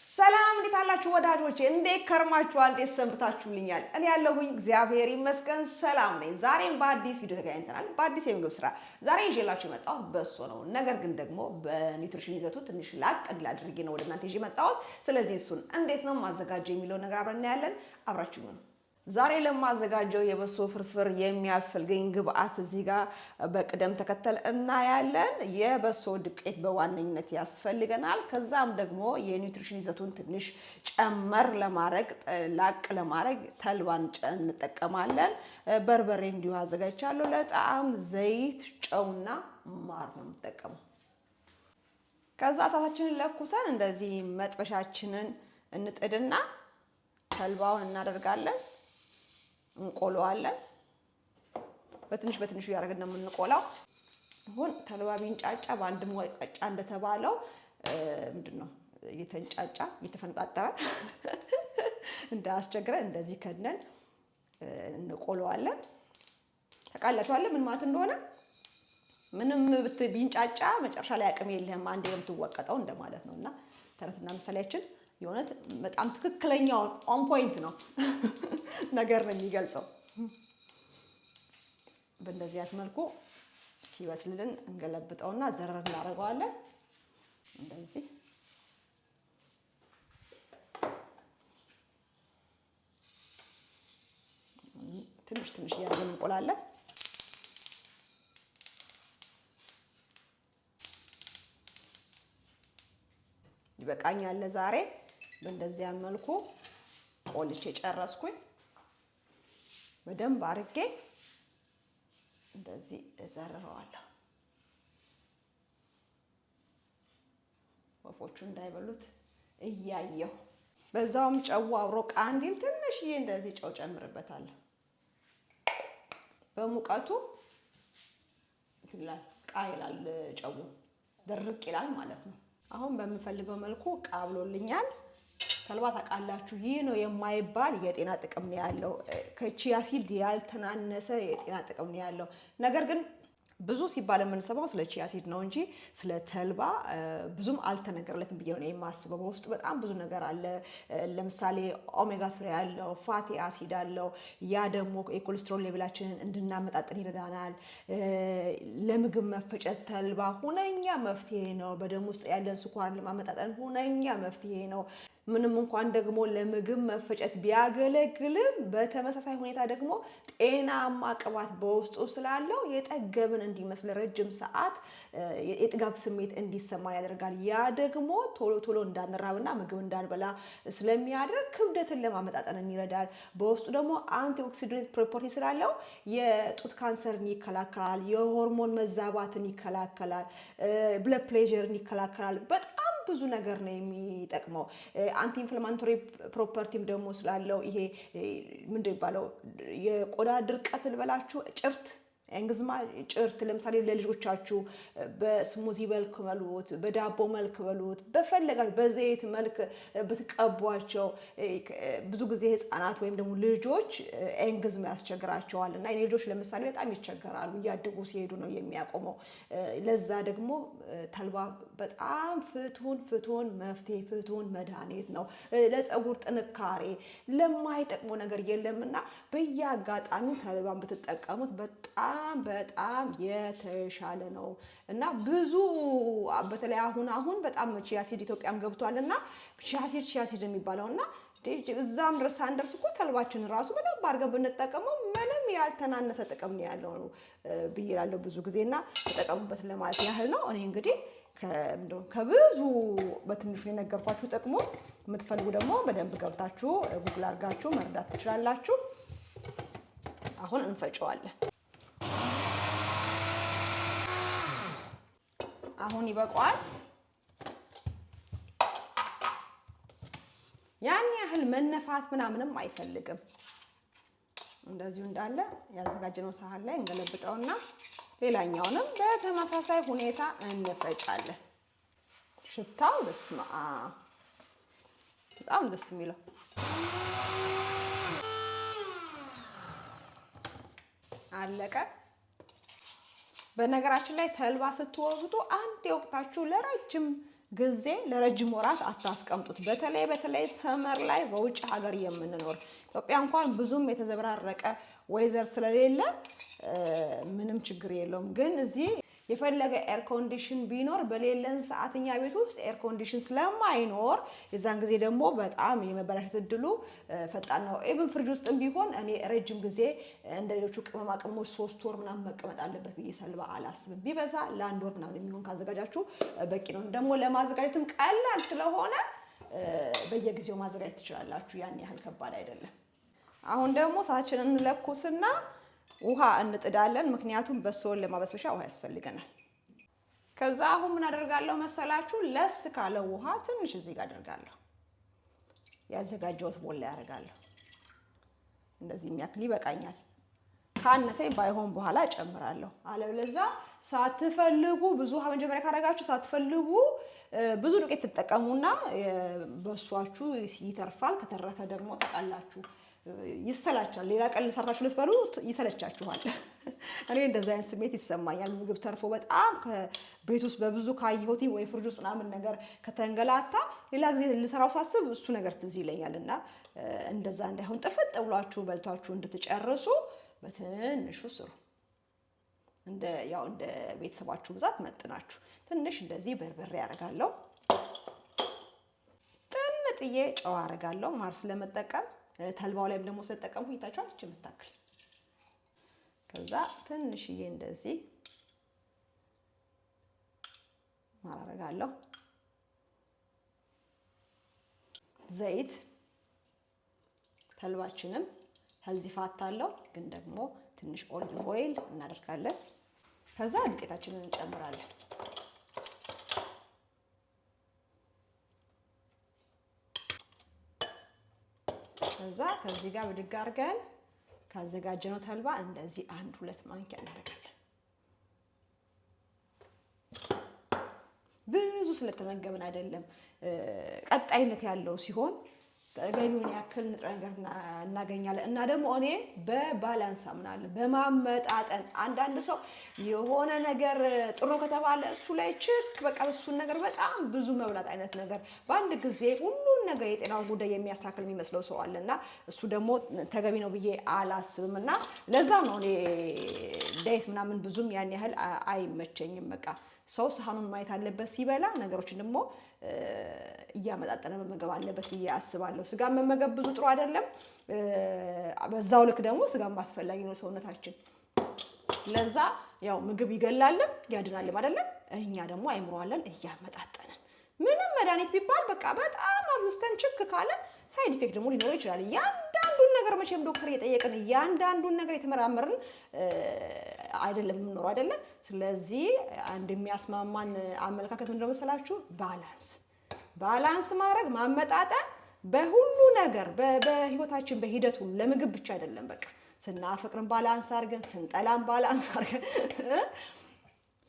ሰላም እንዴት አላችሁ ወዳጆቼ? እንዴት ከርማችኋል? እንዴት ሰንብታችሁልኛል? እኔ ያለሁኝ እግዚአብሔር ይመስገን ሰላም ነኝ። ዛሬም በአዲስ ቪዲዮ ተገናኝተናል፣ በአዲስ የምግብ ስራ። ዛሬ ይዤላችሁ የመጣሁት በሶ ነው። ነገር ግን ደግሞ በኒውትሪሽን ይዘቱ ትንሽ ላቅ እንዲል አድርጌ ነው ወደ እናንተ ይዤ መጣሁት። ስለዚህ እሱን እንዴት ነው ማዘጋጀው የሚለውን ነገር አብረን እናያለን። አብራችሁ ነው ዛሬ ለማዘጋጀው የበሶ ፍርፍር የሚያስፈልገኝ ግብአት እዚህ ጋር በቅደም ተከተል እናያለን። የበሶ ዱቄት በዋነኝነት ያስፈልገናል። ከዛም ደግሞ የኒውትሪሽን ይዘቱን ትንሽ ጨመር ለማድረግ ላቅ ለማድረግ ተልባን እንጠቀማለን። በርበሬ እንዲሁ አዘጋጅቻለሁ። ለጣዕም ዘይት፣ ጨውና ማር ነው የምጠቀመው። ከዛ እሳታችንን ለኩሰን እንደዚህ መጥበሻችንን እንጥድና ተልባውን እናደርጋለን እንቆለዋለን። በትንሽ በትንሹ እያደረግን ነው የምንቆላው። አሁን ተልባ ቢንጫጫ በአንድ ሙቀጫ እንደተባለው ምንድን ነው እየተንጫጫ እየተፈነጣጠረ እንዳያስቸግረን እንደዚህ ከነን እንቆለዋለን። ታውቃላችኋለሁ ምን ማለት እንደሆነ። ምንም ቢንጫጫ መጨረሻ ላይ አቅም የለህም አንዴ የምትወቀጠው እንደማለት ነው። እና ተረትና ምሳሌያችን የእውነት በጣም ትክክለኛውን ኦን ፖይንት ነው። ነገር ነው የሚገልጸው። በእንደዚህ አይነት መልኩ ሲበስልልን እንገለብጠውና ዘረር እናደርገዋለን። እንደዚህ ትንሽ ትንሽ እያደረግን እንቆላለን። ይበቃኛል ለዛሬ። በእንደዚያ መልኩ ቆልቼ ጨረስኩኝ። በደንብ አርጌ እንደዚህ እዘርረዋለሁ። ወፎቹ እንዳይበሉት እያየሁ በዛውም ጨው አብሮ ቃንዲል ትንሽዬ እንደዚህ ጨው ጨምርበታለሁ። በሙቀቱ ይላል ቃ ይላል ጨው ድርቅ ይላል ማለት ነው። አሁን በምፈልገው መልኩ ቃ ብሎልኛል። ሰልባ ታውቃላችሁ። ይህ ነው የማይባል የጤና ጥቅም ነው ያለው። ከቺያ ሲድ ያልተናነሰ የጤና ጥቅም ነው ያለው። ነገር ግን ብዙ ሲባል የምንሰማው ስለ ቺያ ሲድ ነው እንጂ ስለ ተልባ ብዙም አልተነገርለትም ብዬ ነው የማስበው። በውስጡ በጣም ብዙ ነገር አለ። ለምሳሌ ኦሜጋ ፍሬ አለው፣ ፋቲ አሲድ አለው። ያ ደግሞ የኮሌስትሮል ሌቪላችንን እንድናመጣጥን ይረዳናል። ለምግብ መፈጨት ተልባ ሁነኛ መፍትሄ ነው። በደም ውስጥ ያለን ስኳርን ለማመጣጠን ሁነኛ መፍትሄ ነው። ምንም እንኳን ደግሞ ለምግብ መፈጨት ቢያገለግልም በተመሳሳይ ሁኔታ ደግሞ ጤናማ ቅባት በውስጡ ስላለው የጠገብን እንዲመስል ረጅም ሰዓት የጥጋብ ስሜት እንዲሰማን ያደርጋል። ያ ደግሞ ቶሎ ቶሎ እንዳንራብና ምግብ እንዳንበላ ስለሚያደርግ ክብደትን ለማመጣጠንም ይረዳል። በውስጡ ደግሞ አንቲ ኦክሲደንት ስላለው የጡት ካንሰርን ይከላከላል፣ የሆርሞን መዛባትን ይከላከላል፣ ብለድ ፕሬዠርን ይከላከላል። በጣም ብዙ ነገር ነው የሚጠቅመው። አንቲ ኢንፍላማቶሪ ፕሮፐርቲም ደግሞ ስላለው ይሄ ምንድን ይባለው የቆዳ ድርቀት ልበላችሁ ጭርት እንግዝማ ጭርት ለምሳሌ ለልጆቻችሁ በስሙዚ መልክ በሉት፣ በዳቦ መልክ በሉት፣ በፈለጋችሁ በዘይት መልክ ብትቀቧቸው ብዙ ጊዜ ህፃናት ወይም ደግሞ ልጆች ኤንግዝማ ያስቸግራቸዋል እና ልጆች ለምሳሌ በጣም ይቸገራሉ። እያደጉ ሲሄዱ ነው የሚያቆመው። ለዛ ደግሞ ተልባ በጣም ፍቱን ፍቱን መፍትሄ ፍቱን መድኃኒት ነው። ለፀጉር ጥንካሬ ለማይጠቅሙ ነገር የለምና በየአጋጣሚው ተልባን ብትጠቀሙት በጣም በጣም በጣም የተሻለ ነው እና ብዙ በተለይ አሁን አሁን በጣም ቺያሲድ ኢትዮጵያም ገብቷል እና ቺያሲድ ቺያሲድ የሚባለው እና እዛም ድረስ አንደርስ እኮ ተልባችን ራሱ በደንብ አድርገን ብንጠቀመው ምንም ያልተናነሰ ጥቅም ነው ያለው ብዬ ብዙ ጊዜ እና ተጠቀሙበት ለማለት ያህል ነው። እኔ እንግዲህ ከብዙ በትንሹ የነገርኳችሁ ጥቅሙ፣ የምትፈልጉ ደግሞ በደንብ ገብታችሁ ጉግል አድርጋችሁ መረዳት ትችላላችሁ። አሁን እንፈጨዋለን። አሁን ይበቋል። ያን ያህል መነፋት ምናምንም አይፈልግም። እንደዚሁ እንዳለ ያዘጋጀነው ሳህን ላይ እንገለብጠውና ሌላኛውንም በተመሳሳይ ሁኔታ እንፈጫለን። ሽታው ደስማ በጣም ደስ የሚለው አለቀ። በነገራችን ላይ ተልባ ስትወግጡ አንድ የወቅታችሁ ለረጅም ጊዜ ለረጅም ወራት አታስቀምጡት። በተለይ በተለይ ሰመር ላይ በውጭ ሀገር የምንኖር ኢትዮጵያ እንኳን ብዙም የተዘበራረቀ ወይዘር ስለሌለ ምንም ችግር የለውም። ግን እዚህ የፈለገ ኤር ኮንዲሽን ቢኖር በሌለን ሰዓተኛ ቤት ውስጥ ኤር ኮንዲሽን ስለማይኖር የዛን ጊዜ ደግሞ በጣም የመበላሸት እድሉ ፈጣን ነው። ኢቭን ፍሪጅ ውስጥም ቢሆን እኔ ረጅም ጊዜ እንደ ሌሎቹ ቅመማ ቅመሞች ሶስት ወር ምናምን መቀመጥ አለበት ብዬ ሰልባ አላስብም። ቢበዛ ለአንድ ወር ምናምን የሚሆን ካዘጋጃችሁ በቂ ነው። ደግሞ ለማዘጋጀትም ቀላል ስለሆነ በየጊዜው ማዘጋጀት ትችላላችሁ። ያን ያህል ከባድ አይደለም። አሁን ደግሞ እሳታችንን እንለኩስና ውሃ እንጥዳለን። ምክንያቱም በሶውን ለማበስበሻ ውሃ ያስፈልገናል። ከዛ አሁን ምን አደርጋለሁ መሰላችሁ? ለስ ካለ ውሃ ትንሽ እዚህ ጋር አደርጋለሁ። ያዘጋጀሁት ቦላ ያደርጋለሁ። እንደዚህ የሚያክል ይበቃኛል። ካነሰኝ ባይሆን በኋላ ጨምራለሁ። አለበለዚያ ሳትፈልጉ ብዙ ውሃ መጀመሪያ ካደረጋችሁ ሳትፈልጉ ብዙ ዱቄት ትጠቀሙና በሷችሁ ይተርፋል። ከተረፈ ደግሞ ጠቃላችሁ ይሰላቻል። ሌላ ቀን ልሰራችሁ ልትበሉ ይሰለቻችኋል። እኔ እንደዚህ አይነት ስሜት ይሰማኛል። ምግብ ተርፎ በጣም ቤት ውስጥ በብዙ ካየሁት ወይ ፍርጅ ውስጥ ምናምን ነገር ከተንገላታ ሌላ ጊዜ ልሰራው ሳስብ እሱ ነገር ትዝ ይለኛል እና እንደዛ እንዳይሆን ጥፍጥ ብሏችሁ በልቷችሁ እንድትጨርሱ በትንሹ ስሩ። ያው እንደ ቤተሰባችሁ ብዛት መጥናችሁ ትንሽ እንደዚህ በርበሬ ያደርጋለሁ። ጥንጥዬ ጨው አደርጋለሁ ማር ስለመጠቀም ተልባው ላይም ደግሞ ስለተጠቀምኩ ይታችኋል። እች የምታክል ከዛ ትንሽዬ እንደዚህ ማረጋለሁ። ዘይት ተልባችንም ከዚህ ፋት አለው ግን ደግሞ ትንሽ ኦሊቭ ኦይል እናደርጋለን። ከዛ ዱቄታችንን እንጨምራለን። ከዛ ከዚህ ጋር ብድግ አድርገን ካዘጋጀነው ተልባ እንደዚህ አንድ ሁለት ማንኪያ እናደርጋለን። ብዙ ስለተመገብን አይደለም፣ ቀጣይነት ያለው ሲሆን ተገቢውን ያክል ንጥረ ነገር እናገኛለን። እና ደግሞ እኔ በባላንስ አምናለሁ፣ በማመጣጠን አንዳንድ ሰው የሆነ ነገር ጥሩ ከተባለ እሱ ላይ ችክ በቃ እሱን ነገር በጣም ብዙ መብላት አይነት ነገር በአንድ ጊዜ ሁሉን ነገር የጤናውን ጉዳይ የሚያስተካክል የሚመስለው ሰው አለ እና እሱ ደግሞ ተገቢ ነው ብዬ አላስብም። እና ለዛ ነው እኔ ዳየት ምናምን ብዙም ያን ያህል አይመቸኝም። በቃ ሰው ሳህኑን ማየት አለበት ሲበላ ነገሮችን ደግሞ እያመጣጠነ መመገብ አለበት ብዬ አስባለሁ። ስጋ መመገብ ብዙ ጥሩ አይደለም። በዛው ልክ ደግሞ ስጋም አስፈላጊ ነው ሰውነታችን። ለዛ ያው ምግብ ይገላልም ያድናልም አይደለም። እኛ ደግሞ አይምሯለን እያመጣጠንን ምንም መድኃኒት ቢባል በቃ በጣም አብዝተን ችክ ካለ ሳይድ ኢፌክት ደግሞ ሊኖረው ይችላል ያን ነገር መቼም ዶክተር የጠየቅን እያንዳንዱን ነገር የተመራመርን አይደለም የምንኖረው አይደለ። ስለዚህ አንድ የሚያስማማን አመለካከት ምንድነው መሰላችሁ? ባላንስ ባላንስ ማድረግ ማመጣጠን በሁሉ ነገር በህይወታችን በሂደት ሁሉ ለምግብ ብቻ አይደለም። በቃ ስናፈቅርን ባላንስ አድርገን ስንጠላን ባላንስ አድርገን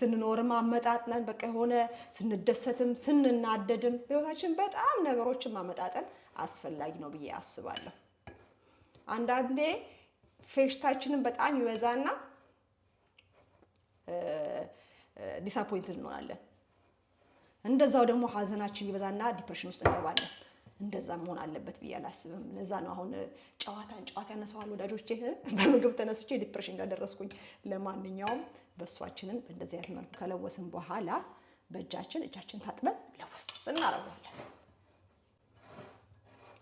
ስንኖርም አመጣጥነን በቃ የሆነ ስንደሰትም ስንናደድም ህይወታችን በጣም ነገሮችን ማመጣጠን አስፈላጊ ነው ብዬ አስባለሁ። አንዳንዴ ፌሽታችንን በጣም ይበዛና ዲሳፖይንት እንሆናለን። እንደዛው ደግሞ ሀዘናችን ይበዛና ዲፕሬሽን ውስጥ እንገባለን። እንደዛ መሆን አለበት ብዬ አላስብም። ለዛ ነው አሁን ጨዋታን ጨዋታ ያነሰዋል ወዳጆቼ፣ በምግብ ተነስቼ ዲፕሬሽን እንዳደረስኩኝ። ለማንኛውም በእሷችንን እንደዚህ አይነት መልኩ ከለወስን በኋላ በእጃችን እጃችን ታጥበን ለወስ እናደርገዋለን።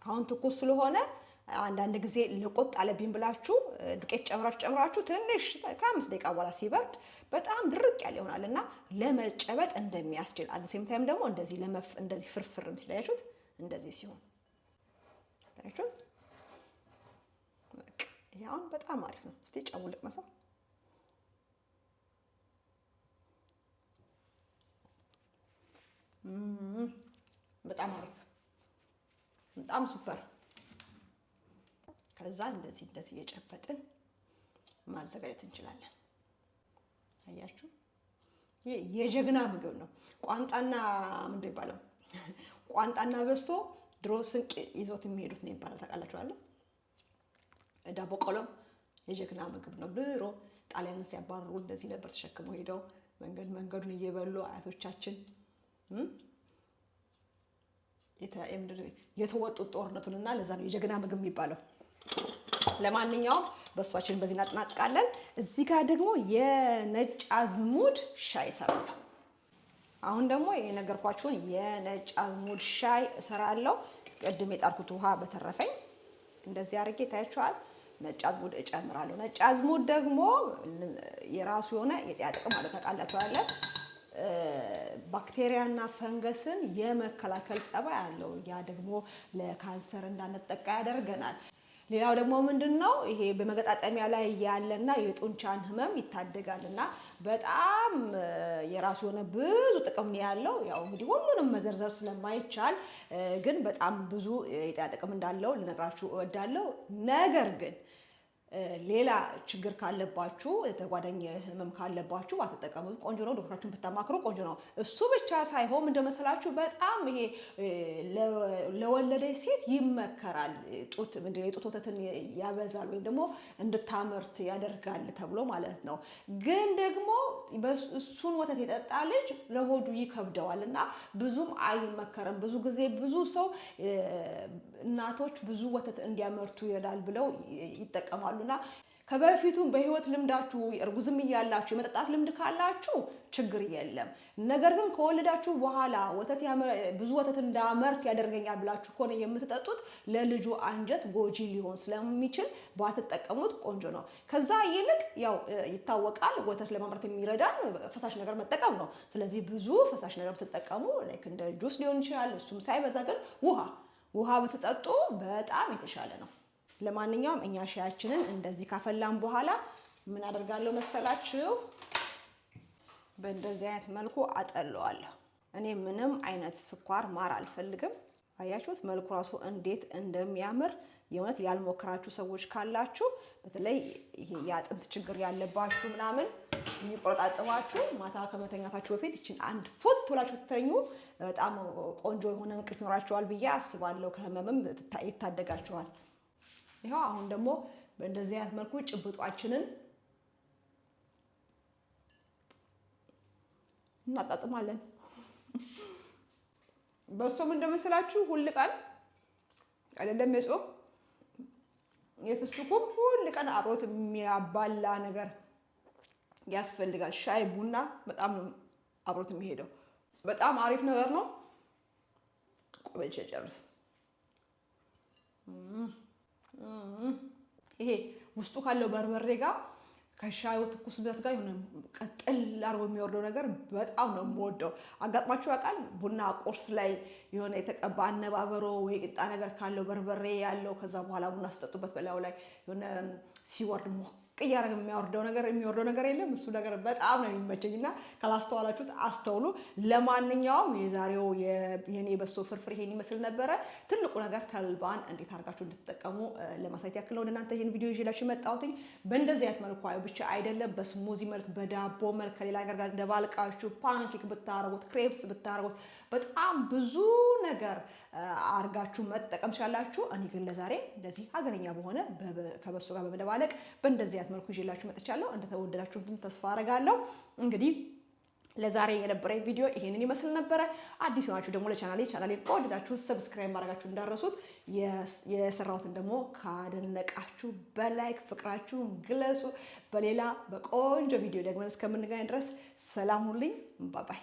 አሁን ትኩስ ስለሆነ አንዳንድ ጊዜ ልቆጥ አለብኝ ብላችሁ ዱቄት ጨምራችሁ ጨምራችሁ ትንሽ ከአምስት ደቂቃ በኋላ ሲበርድ በጣም ድርቅ ያለ ይሆናል እና ለመጨበጥ እንደሚያስችል ሴም ታይም ደግሞ እንደዚህ ለመፍ እንደዚህ ፍርፍርም ሲለያችሁት እንደዚህ ሲሆን ታያችሁት። ይሄ አሁን በጣም አሪፍ ነው። እስቲ ጨሙን ልቅመሰው። በጣም አሪፍ፣ በጣም ሱፐር ከዛ እንደዚህ እንደዚህ እየጨበጥን ማዘጋጀት እንችላለን። አያችሁ፣ የጀግና ምግብ ነው። ቋንጣና ምንድን ይባለው? ቋንጣና በሶ ድሮ ስንቅ ይዞት የሚሄዱት ነው ይባላል። ታውቃላችኋል። ዳቦ ቆሎም የጀግና ምግብ ነው። ድሮ ጣሊያንን ሲያባረሩ እንደዚህ ነበር ተሸክመው ሄደው መንገድ መንገዱን እየበሉ አያቶቻችን የተወጡት ጦርነቱን እና ለዛ ነው የጀግና ምግብ የሚባለው። ለማንኛውም በሷችን በዚህ እናጠናቅቃለን። እዚህ ጋር ደግሞ የነጭ አዝሙድ ሻይ እሰራለሁ። አሁን ደግሞ የነገርኳችሁን የነጭ አዝሙድ ሻይ እሰራለሁ። ቅድም የጣርኩት ውሃ በተረፈኝ እንደዚህ አድርጌ ታያችኋል። ነጭ አዝሙድ እጨምራለሁ። ነጭ አዝሙድ ደግሞ የራሱ የሆነ የጤና ጥቅም አለ ታውቃላችኋል። ባክቴሪያና ፈንገስን የመከላከል ጸባይ አለው። ያ ደግሞ ለካንሰር እንዳንጠቃ ያደርገናል። ሌላው ደግሞ ምንድን ነው ይሄ በመገጣጠሚያ ላይ ያለና የጡንቻን ህመም ይታደጋል እና በጣም የራሱ የሆነ ብዙ ጥቅም ነው ያለው። ያው እንግዲህ ሁሉንም መዘርዘር ስለማይቻል ግን በጣም ብዙ የጤና ጥቅም እንዳለው ልነግራችሁ እወዳለሁ። ነገር ግን ሌላ ችግር ካለባችሁ ተጓዳኝ ህመም ካለባችሁ አትጠቀሙት። ቆንጆ ነው፣ ዶክተራችሁን ብታማክሩ ቆንጆ ነው። እሱ ብቻ ሳይሆን እንደመሰላችሁ በጣም ይሄ ለወለደች ሴት ይመከራል። ጡት ምንድነው የጡት ወተትን ያበዛል ወይም ደግሞ እንድታመርት ያደርጋል ተብሎ ማለት ነው። ግን ደግሞ እሱን ወተት የጠጣ ልጅ ለሆዱ ይከብደዋል እና ብዙም አይመከርም። ብዙ ጊዜ ብዙ ሰው እናቶች ብዙ ወተት እንዲያመርቱ ይረዳል ብለው ይጠቀማሉና ከበፊቱም በህይወት ልምዳችሁ እርጉዝም እያላችሁ የመጠጣት ልምድ ካላችሁ ችግር የለም። ነገር ግን ከወለዳችሁ በኋላ ወተት ብዙ ወተት እንዳመርት ያደርገኛል ብላችሁ ከሆነ የምትጠጡት ለልጁ አንጀት ጎጂ ሊሆን ስለሚችል ባትጠቀሙት ቆንጆ ነው። ከዛ ይልቅ ያው ይታወቃል፣ ወተት ለማምረት የሚረዳን ፈሳሽ ነገር መጠቀም ነው። ስለዚህ ብዙ ፈሳሽ ነገር ብትጠቀሙ እንደ ጁስ ሊሆን ይችላል። እሱም ሳይበዛ ግን ውሃ ውሃ ብትጠጡ በጣም የተሻለ ነው። ለማንኛውም እኛ ሻያችንን እንደዚህ ካፈላን በኋላ ምን አደርጋለሁ መሰላችሁ? በእንደዚህ አይነት መልኩ አጠለዋለሁ። እኔ ምንም አይነት ስኳር ማር አልፈልግም። አያችሁት መልኩ ራሱ እንዴት እንደሚያምር የእውነት ያልሞከራችሁ ሰዎች ካላችሁ በተለይ ይሄ የአጥንት ችግር ያለባችሁ ምናምን የሚቆረጣጥባችሁ ማታ ከመተኛታችሁ በፊት ይችን አንድ ፎት ብላችሁ ትተኙ በጣም ቆንጆ የሆነ እንቅልፍ ይኖራችኋል ብዬ አስባለሁ። ከህመምም ይታደጋችኋል። ይኸው አሁን ደግሞ በእንደዚህ አይነት መልኩ ጭብጧችንን እናጣጥማለን። በሶም እንደመሰላችሁ ሁል ቀን አይደለም የጾም የፍስኩም ሁል ቀን አሮት የሚያባላ ነገር ያስፈልጋል። ሻይ ቡና በጣም አብሮት የሚሄደው በጣም አሪፍ ነገር ነው። ቆበልቼ ጨርስ። ይሄ ውስጡ ካለው በርበሬ ጋር ከሻዩ ትኩስነት ጋር የሆነ ቀጥል አድርጎ የሚወርደው ነገር በጣም ነው የምወደው። አጋጥማችሁ ያውቃል? ቡና ቁርስ ላይ የሆነ የተቀባ አነባበሮ ወይ ቂጣ ነገር ካለው በርበሬ ያለው ከዛ በኋላ ቡና ስጠጡበት በላዩ ላይ የሆነ ሲወርድ ቅያረግ የሚያወርደው ነገር የሚወርደው ነገር የለም። እሱ ነገር በጣም ነው የሚመቸኝ እና ካላስተዋላችሁት አስተውሉ። ለማንኛውም የዛሬው የኔ በሶ ፍርፍር ይሄን ይመስል ነበረ። ትልቁ ነገር ተልባን እንዴት አድርጋችሁ እንድትጠቀሙ ለማሳየት ያክል ነው። እናንተ ይህን ቪዲዮ ይዤላችሁ መጣሁትኝ። በእንደዚህ አይነት መልኩ ብቻ አይደለም፣ በስሙዚ መልክ፣ በዳቦ መልክ ከሌላ ነገር ጋር እንደባልቃችሁ ፓንኬክ ብታረጉት፣ ክሬፕስ ብታረጉት በጣም ብዙ ነገር አድርጋችሁ መጠቀም ትችላላችሁ። እኔ ግን ለዛሬ እንደዚህ ሀገረኛ በሆነ ከበሶ ጋር በመደባለቅ በእንደዚህ አይነት መልኩ ይዤላችሁ መጥቻለሁ። እንደተወደዳችሁትም ተስፋ አረጋለሁ። እንግዲህ ለዛሬ የነበረኝ ቪዲዮ ይሄንን ይመስል ነበረ። አዲስ የሆናችሁ ደግሞ ለቻናሌ ቻናሌ ከወደዳችሁ ሰብስክራይብ ማድረጋችሁ እንዳረሱት፣ የሰራሁትን ደግሞ ካደነቃችሁ በላይክ ፍቅራችሁን ግለጹ። በሌላ በቆንጆ ቪዲዮ ደግመን እስከምንገናኝ ድረስ ሰላም ሁልኝ። ባባይ